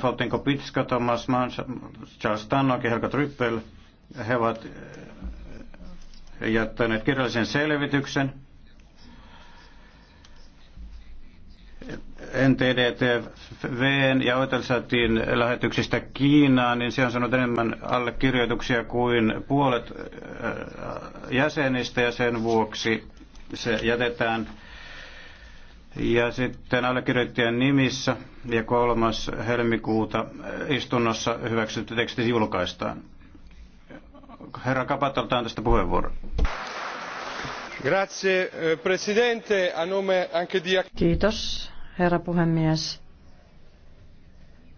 fått en kopitska Thomas Mann, Charles Tannock ja Helga Tryppel, he ovat eh, jättäneet kirjallisen selvityksen NTDTVn ja Oitelsatin lähetyksistä Kiinaan, niin se on saanut enemmän allekirjoituksia kuin puolet eh, jäsenistä ja sen vuoksi se jätetään ja sitten allekirjoittajien nimissä ja kolmas helmikuuta istunnossa hyväksytty teksti julkaistaan. Herra Kapatolta on tästä puheenvuoro. Grazie, eh, presidente. A nome anche di... Kiitos, herra puhemies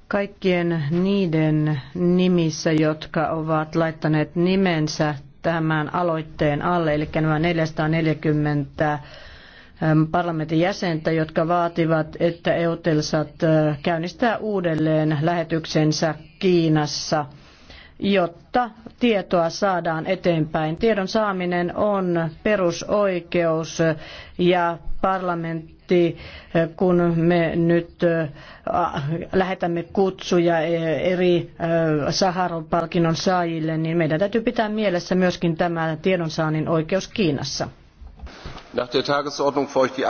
kaikkien niiden nimissä, jotka ovat laittaneet nimensä tämän aloitteen alle, eli nämä 440 parlamentin jäsentä, jotka vaativat, että Eutelsat käynnistää uudelleen lähetyksensä Kiinassa, jotta tietoa saadaan eteenpäin. Tiedon saaminen on perusoikeus ja parlamentti kun me nyt lähetämme kutsuja e, eri Saharon palkinnon saajille, niin meidän täytyy pitää mielessä myöskin tämä tiedonsaannin oikeus Kiinassa. Kiitoksia.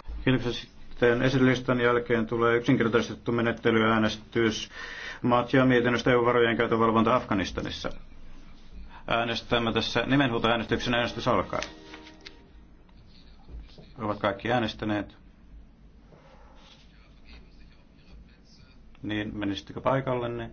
Sitten esilistan jälkeen tulee yksinkertaistettu menettelyäänestys Matja mietinnöstä EU-varojen käytön valvonta Afganistanissa. Äänestämme tässä nimenhuutoäänestyksen äänestys alkaa. Ovat kaikki äänestäneet. Niin, menisittekö paikallenne?